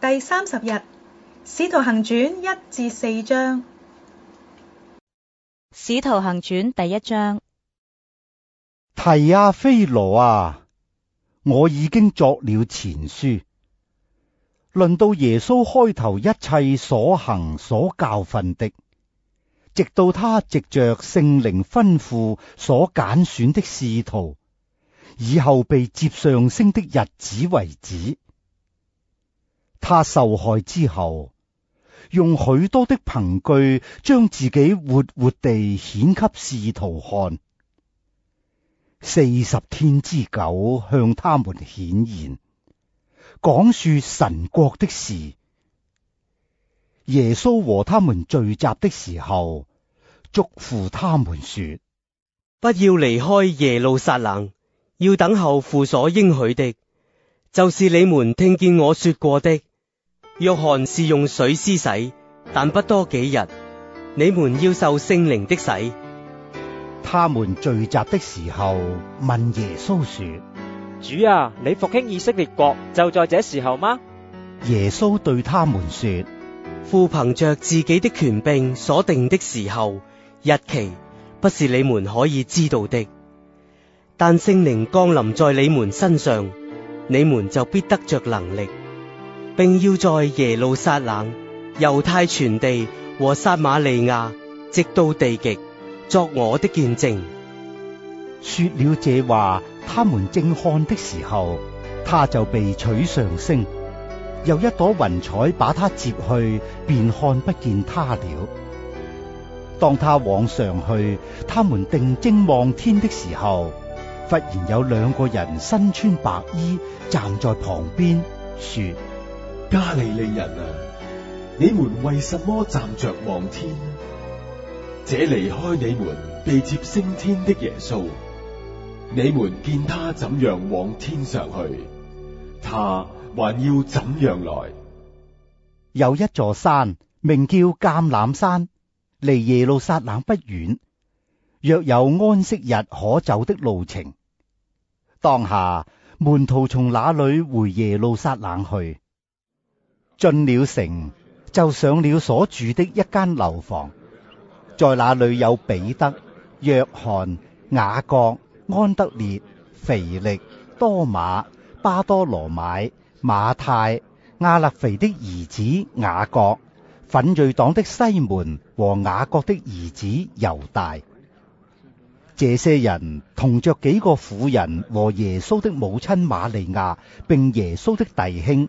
第三十日，《使徒行傳》一至四章，《使徒行傳》第一章。提阿非羅啊，我已經作了前書，論到耶穌開頭一切所行所教訓的，直到他藉着聖靈吩咐所揀選的使徒，以後被接上升的日子為止。他受害之後，用許多的憑據將自己活活地顯給使徒看，四十天之久向他們顯現，講述神國的事。耶穌和他們聚集的時候，囑咐他們說：不要離開耶路撒冷，要等候父所應許的，就是你們聽見我說過的。約翰是用水施洗，但不多幾日，你們要受聖靈的洗。他們聚集的時候，問耶穌說：主啊，你復興以色列國，就在這時候嗎？耶穌對他們說：父憑着自己的權柄所定的時候、日期，不是你們可以知道的。但聖靈降臨在你們身上，你們就必得着能力。並要在耶路撒冷、猶太全地和撒瑪利亞，直到地極，作我的見證。說了這話，他們正看的時候，他就被取上升，有一朵雲彩把他接去，便看不見他了。當他往上去，他們定睛望天的時候，忽然有兩個人身穿白衣站在旁邊，說：加利利人啊，你們為什麼站着望天？這離開你們被接升天的耶穌，你們見他怎樣往天上去，他還要怎樣來？有一座山名叫橄欖山，離耶路撒冷不遠，若有安息日可走的路程，當下門徒從那裏回耶路撒冷去。進了城，就上了所住的一間樓房，在那裏有彼得、約翰、雅各、安德烈、腓力、多馬、巴多羅買、馬太、亞勒腓的兒子雅各、奮銳黨的西門和雅各的兒子猶大。這些人同着幾個婦人和耶穌的母親瑪利亞，並耶穌的弟兄。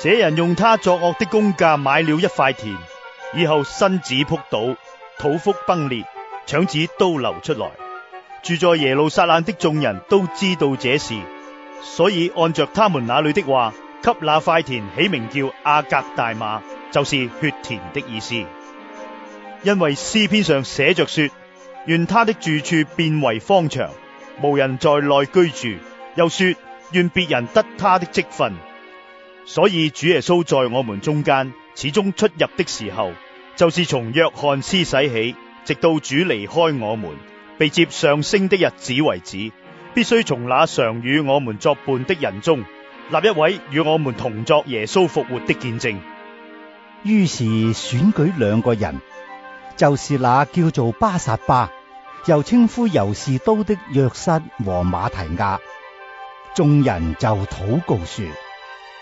這人用他作惡的工價買了一塊田，以後身子仆倒，肚腹崩裂，腸子都流出來。住在耶路撒冷的眾人都知道這事，所以按着他們那裏的話，給那塊田起名叫亞革大馬，就是血田的意思。因為詩篇上寫着說：願他的住處變為荒場，無人在內居住。又說：願別人得他的職分。所以主耶穌在我們中間始終出入的時候，就是從約翰施洗起，直到主離開我們，被接上升的日子為止，必須從那常與我們作伴的人中立一位與我們同作耶穌復活的見證。於是選舉兩個人，就是那叫做巴撒巴，又稱呼猶士都的約瑟和馬提亞。眾人就禱告說。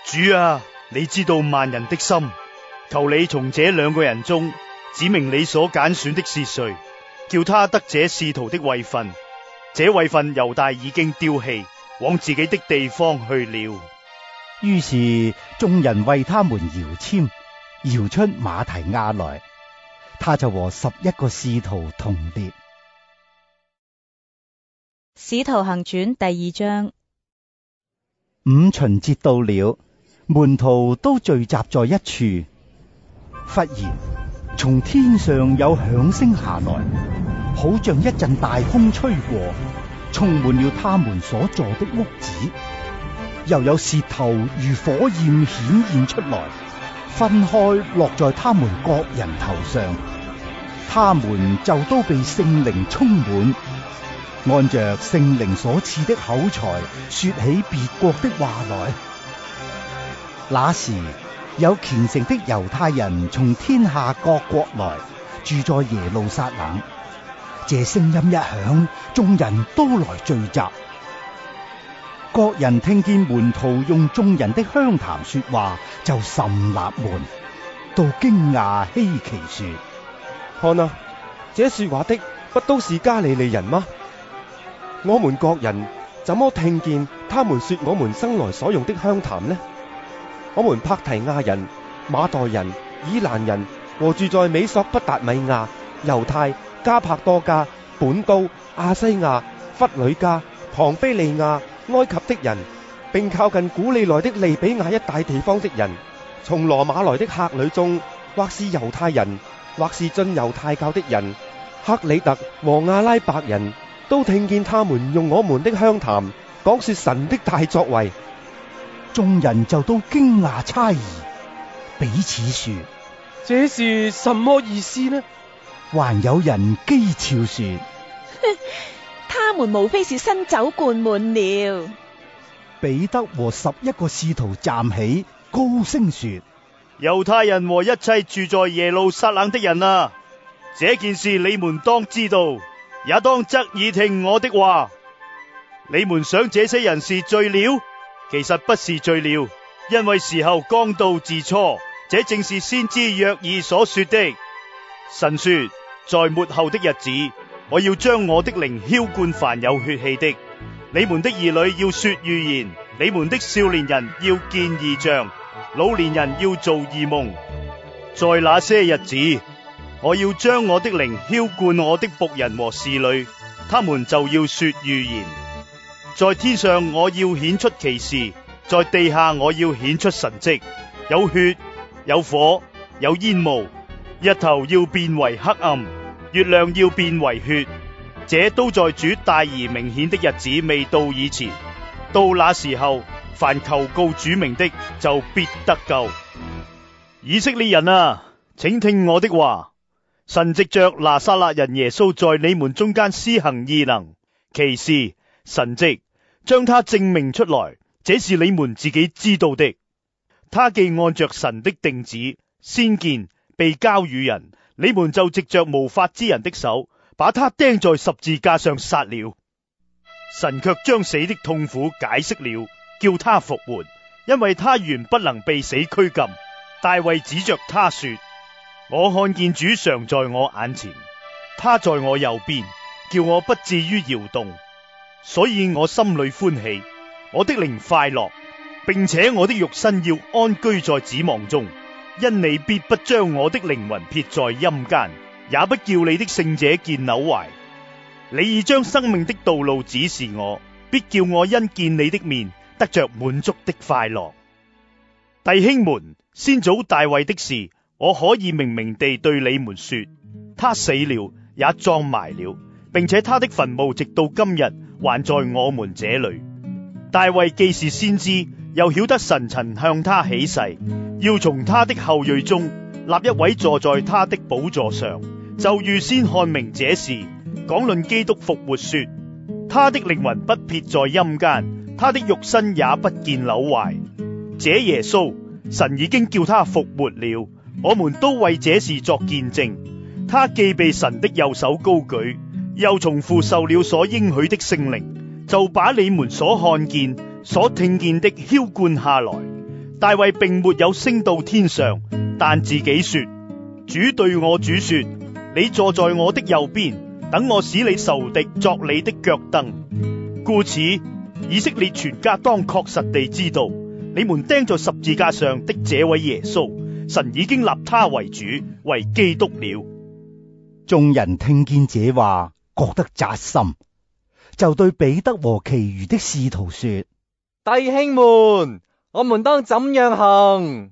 主啊，你知道萬人的心，求你從這兩個人中指明你所揀選的是誰，叫他得這使徒的位份。這位份猶大已經丟棄，往自己的地方去了。於是眾人為他們搖籤，搖出馬提亞來，他就和十一個使徒同列。使徒行傳第二章，五旬節到了。門徒都聚集在一處，忽然從天上有響聲下來，好像一陣大風吹過，充滿了他們所坐的屋子。又有舌頭如火焰顯現出來，分開落在他們各人頭上，他們就都被聖靈充滿，按着聖靈所賜的口才說起別國的話來。那時有虔誠的猶太人從天下各國來，住在耶路撒冷。這聲音一響，眾人都來聚集。各人聽見門徒用眾人的鄉談說話，就甚納悶，都驚訝希奇說：看啊，這說話的不都是加利利人嗎？我們各人怎麼聽見他們說我們生來所用的鄉談呢？我們帕提亞人、馬代人、以蘭人和住在美索不達米亞、猶太、加帕多加、本都、亞西亞、弗里加、龐非利亞、埃及的人，並靠近古利奈的利比亞一帶地方的人，從羅馬來的客旅中，或是猶太人，或是進猶太教的人，克里特和阿拉伯人都聽見他們用我們的鄉談講說神的大作為。眾人就都驚訝猜疑，彼此說：這是什麼意思呢？還有人譏誚說： 他們無非是新酒灌滿了。彼得和十一個使徒站起，高聲說：猶太人和一切住在耶路撒冷的人啊，這件事你們當知道，也當側耳聽我的話。你們想這些人是醉了？其實不是醉了，因為時候剛到自初，這正是先知約珥所說的。神說，在末後的日子，我要將我的靈澆灌凡有血氣的，你們的兒女要說預言，你們的少年人要見異象，老年人要做異夢。在那些日子，我要將我的靈澆灌我的僕人和侍女，他們就要說預言。在天上我要顯出奇事，在地下我要顯出神跡。有血，有火，有煙霧。日頭要變為黑暗，月亮要變為血。這都在主大而明顯的日子未到以前。到那時候，凡求告主名的就必得救。以色列人啊，請聽我的話。神藉着拿撒勒人耶穌在你們中間施行異能、奇事。神跡將他證明出來，這是你們自己知道的。他既按着神的定旨先見被交與人，你們就藉着無法之人的手把他釘在十字架上殺了。神卻將死的痛苦解釋了，叫他復活，因為他原不能被死拘禁。大衛指着他說：我看見主常在我眼前，他在我右邊，叫我不至於搖動。所以我心裏歡喜，我的靈快樂，並且我的肉身要安居在指望中，因你必不將我的靈魂撇在陰間，也不叫你的聖者見朽壞。你已將生命的道路指示我，必叫我因見你的面得着滿足的快樂。弟兄們，先祖大衛的事，我可以明明地對你們說，他死了也葬埋了，並且他的墳墓直到今日。還在我們這裏。大衛既是先知，又曉得神曾向他起誓，要從他的後裔中立一位坐在他的寶座上，就預先看明這事。講論基督復活說，他的靈魂不撇在陰間，他的肉身也不見朽壞。這耶穌，神已經叫他復活了，我們都為這事作見證。他既被神的右手高舉。又重複受了所應許的聖靈，就把你們所看見、所聽見的澆灌下來。大衛並沒有升到天上，但自己說：主對我主說，你坐在我的右邊，等我使你仇敵作你的腳凳。故此，以色列全家當確實地知道，你們釘在十字架上的這位耶穌，神已經立他為主為基督了。眾人聽見這話，覺得扎心，就對彼得和其餘的使徒說：弟兄們，我們當怎樣行？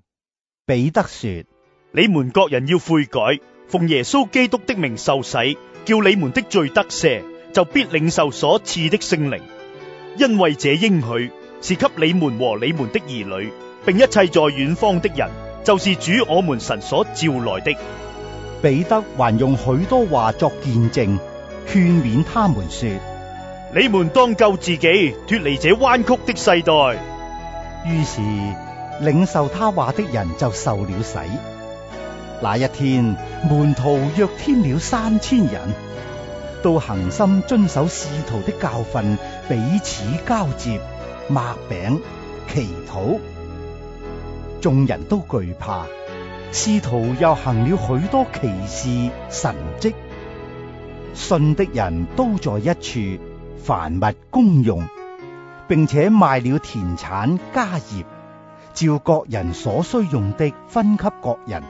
彼得說：你們各人要悔改，奉耶穌基督的名受洗，叫你們的罪得赦，就必領受所賜的聖靈。因為這應許是給你們和你們的兒女，並一切在遠方的人，就是主我們神所召來的。彼得還用許多話作見證。勸勉他們說：你們當救自己，脫離這彎曲的世代。於是領受他話的人就受了洗。那一天門徒約添了三千人，都恆心遵守使徒的教訓，彼此交接、擘餅、祈禱。眾人都懼怕。使徒又行了許多奇事神蹟。信的人都在一處，凡物公用，並且賣了田產家業，照各人所需用的分給各人。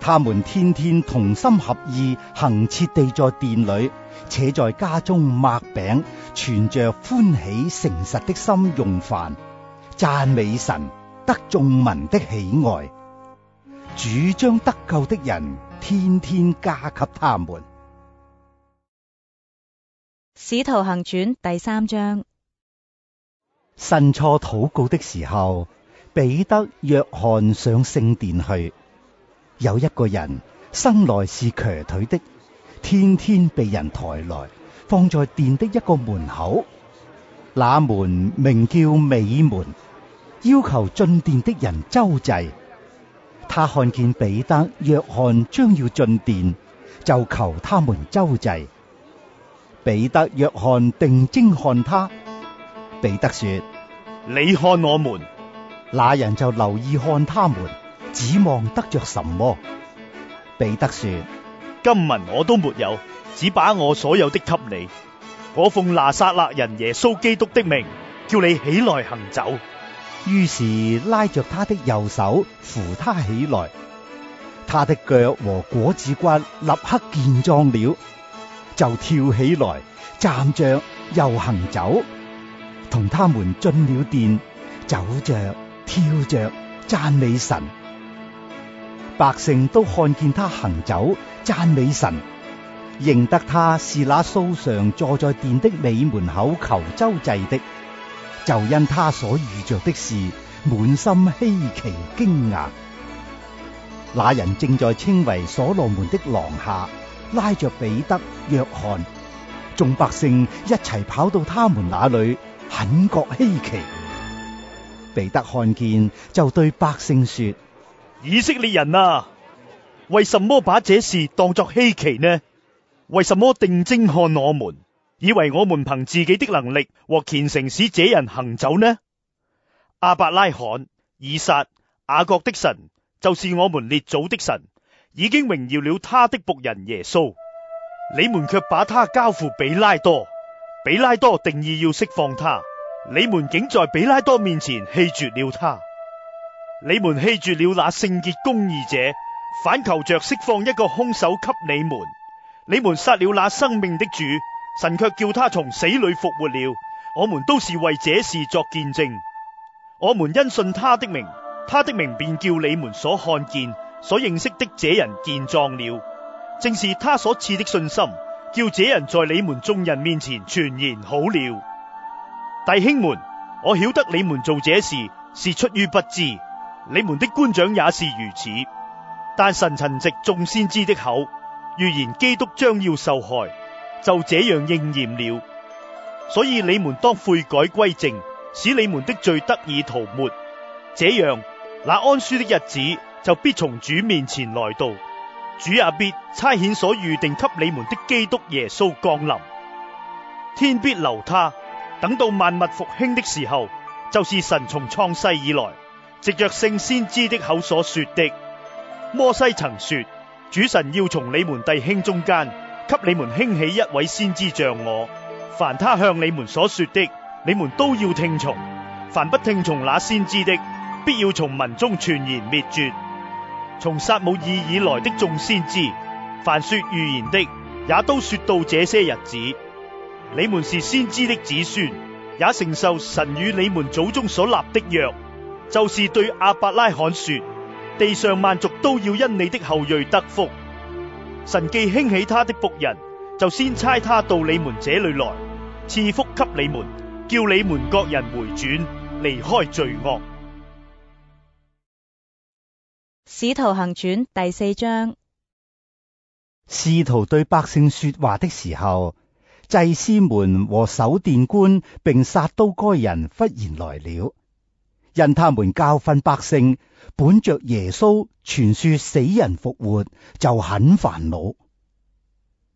他們天天同心合意，恆切地在殿裏，且在家中擘餅，存着歡喜誠實的心用飯，讚美神，得眾民的喜愛。主將得救的人天天加給他們。《使徒行傳》第三章，申初禱告的時候，彼得、約翰上聖殿去。有一個人生來是瘸腿的，天天被人抬來，放在殿的一個門口。那門名叫美門，要求進殿的人周濟。他看見彼得、約翰將要進殿，就求他們周濟。彼得、約翰定睛看他，彼得說：你看我們，那人就留意看他們，指望得着什麼？彼得說：金文我都沒有，只把我所有的給你。我奉拿撒勒人耶穌基督的名，叫你起來行走。於是拉着他的右手扶他起來，他的腳和果子骨立刻健壯了。就跳起來，站着又行走，同他們進了殿，走着跳着讚美神。百姓都看見他行走讚美神，認得他是那素常坐在殿的美門口求周濟的，就因他所遇着的事，滿心稀奇驚訝。那人正在稱為所羅門的廊下。拉着彼得、約翰，眾百姓一齊跑到他們那裏，很覺稀奇。彼得看見，就對百姓說：以色列人啊，為什麼把這事當作稀奇呢？為什麼定睛看我們，以為我們憑自己的能力和虔誠使這人行走呢？亞伯拉罕、以撒、雅各的神，就是我們列祖的神。已經榮耀了他的僕人耶穌，你們卻把他交付彼拉多，彼拉多定意要釋放他，你們竟在彼拉多面前棄絕了他，你們棄絕了那聖潔公義者，反求着釋放一個兇手給你們，你們殺了那生命的主，神卻叫他從死裏復活了，我們都是為這事作見證，我們因信他的名，他的名便叫你們所看見，所認識的這人健壯了，正是他所賜的信心，叫這人在你們眾人面前全然好了。弟兄們，我曉得你們做這事是出於不知，你們的官長也是如此。但神曾藉眾先知的口預言基督將要受害，就這樣應驗了。所以你們當悔改歸正，使你們的罪得以塗抹。這樣，那安舒的日子，就必從主面前來到，主也、啊、必差遣所預定給你們的基督耶穌降臨。天必留他，等到萬物復興的時候，就是神從創世以來，藉着聖先知的口所說的。摩西曾說，主神要從你們弟兄中間給你們興起一位先知像我，凡他向你們所說的，你們都要聽從。凡不聽從那先知的，必要從文中全然滅絕。從撒母耳以來的眾先知，凡說預言的，也都說到這些日子。你們是先知的子孫，也承受神與你們祖宗所立的約，就是對亞伯拉罕說，地上萬族都要因你的後裔得福。神既興起他的僕人，就先差他到你們這裏來，賜福給你們，叫你們各人回轉，離開罪惡。《使徒行傳》第四章，使徒對百姓說話的時候，祭司們和守殿官並撒都該人忽然來了，因他們教訓百姓，本着耶穌傳說死人復活就很煩惱，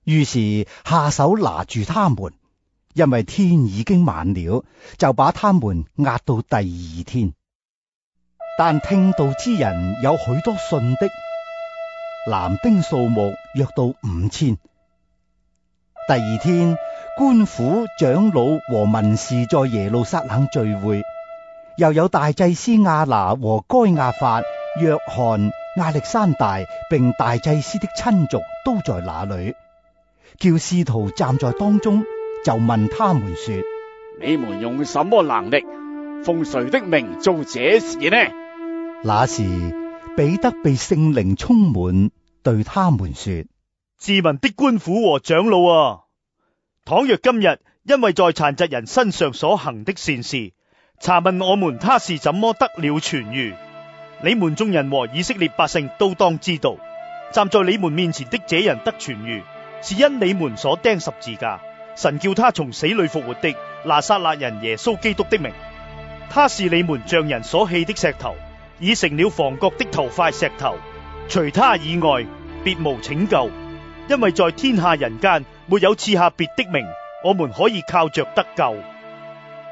於是下手拿住他們，因為天已經晚了，就把他們押到第二天。但聽道之人有許多信的，男丁數目約到五千。第二天，官府、長老和文士在耶路撒冷聚會，又有大祭司亞拿和該亞法、約翰、亞力山大，並大祭司的親族都在那裏，叫使徒站在當中，就問他們說：你們用什麼能力，奉誰的名做這事呢？那時，彼得被聖靈充滿，對他們說：治民的官府和長老啊，倘若今日因為在殘疾人身上所行的善事，查問我們，他是怎麼得了痊愈，你們眾人和以色列百姓都當知道，站在你們面前的這人得痊愈，是因你們所釘十字架、神叫他從死裏復活的拿撒勒人耶穌基督的名。他是你們匠人所棄的石頭，已成了房角的頭塊石頭，除他以外，別無拯救。因為在天下人間，沒有賜下別的名，我們可以靠着得救。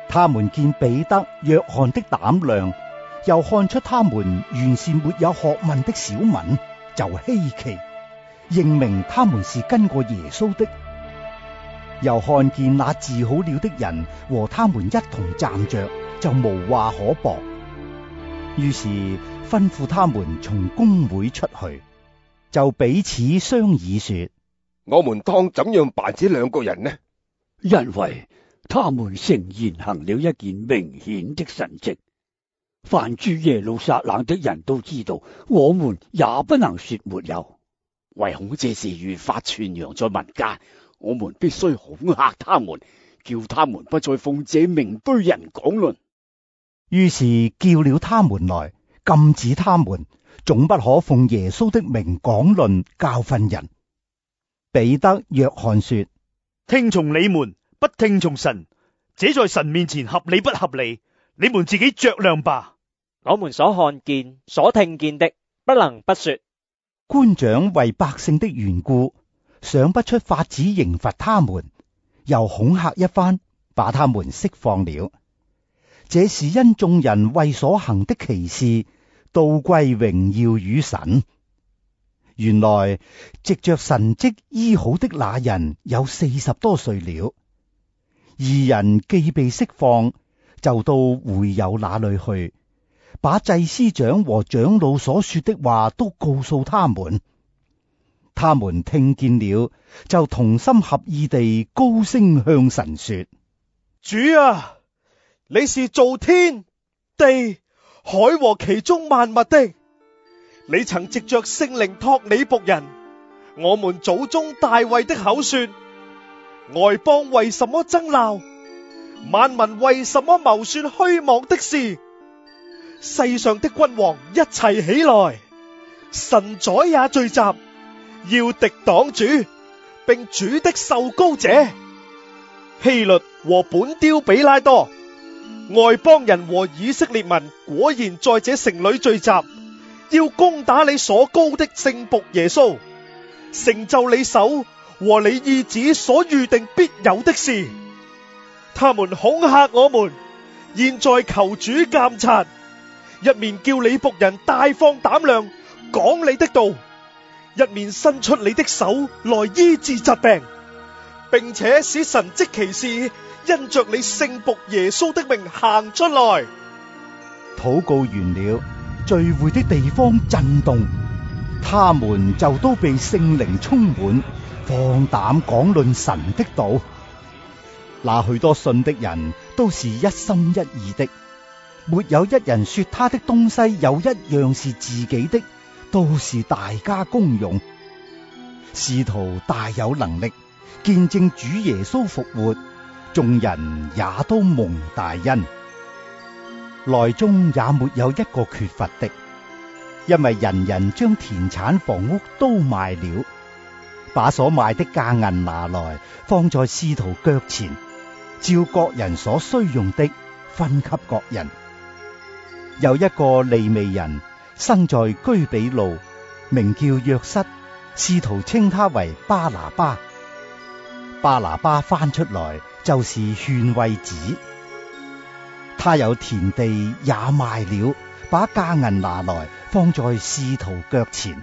他們見彼得、約翰的膽量，又看出他們原是沒有學問的小民，就稀奇，認明他們是跟過耶穌的。又看見那治好了的人和他們一同站着，就無話可駁。於是吩咐他們從公會出去，就彼此商議說：我們當怎樣辦這兩個人呢？因為他們誠然行了一件明顯的神蹟，凡住耶路撒冷的人都知道，我們也不能說沒有。唯恐這事越發傳揚在民間，我們必須恐嚇他們，叫他們不再奉這名對人講論。於是叫了他們來，禁止他們，總不可奉耶穌的名講論教訓人。彼得、約翰說：聽從你們，不聽從神，這在神面前合理不合理？你們自己酌量吧。我們所看見、所聽見的，不能不說。官長為百姓的緣故，想不出法子刑罰他們，又恐嚇一番，把他們釋放了。這是因眾人為所行的奇事，都歸榮耀與神。原來藉着神蹟醫好的那人有四十多歲了。二人既被釋放，就到會友那裏去，把祭司長和長老所說的話都告訴他們。他們聽見了，就同心合意地高聲向神說：主啊！你是造天地海和其中萬物的，你曾藉着聖靈託你僕人，我們祖宗大衛的口說：外邦為什麼爭鬧？萬民為什麼謀算虛妄的事？世上的君王一齊起來，神宰也聚集，要敵擋主，並主的受膏者希律和本丟彼拉多。外邦人和以色列民果然在這城裏聚集，要攻打你所膏的聖僕耶穌，成就你手和你意旨所預定必有的事。他們恐嚇我們，現在求主鑒察，一面叫你僕人大放膽量講你的道，一面伸出你的手來醫治疾病。並且使神蹟奇事因着你聖僕耶穌的名行出來。禱告完了，聚會的地方震動，他們就都被聖靈充滿，放膽講論神的道。那許多信的人都是一心一意的，沒有一人說他的東西有一樣是自己的，都是大家公用，使徒大有能力。見證主耶穌復活，眾人也都蒙大恩，內中也沒有一個缺乏的，因為人人將田產房屋都賣了，把所賣的價銀拿來放在使徒腳前，照各人所需用的分給各人。有一個利未人，生在居比路，名叫約瑟，使徒稱他為巴拿巴。巴拿巴翻出來就是勸慰子。他有田地也賣了，把家銀拿來放在使徒腳前。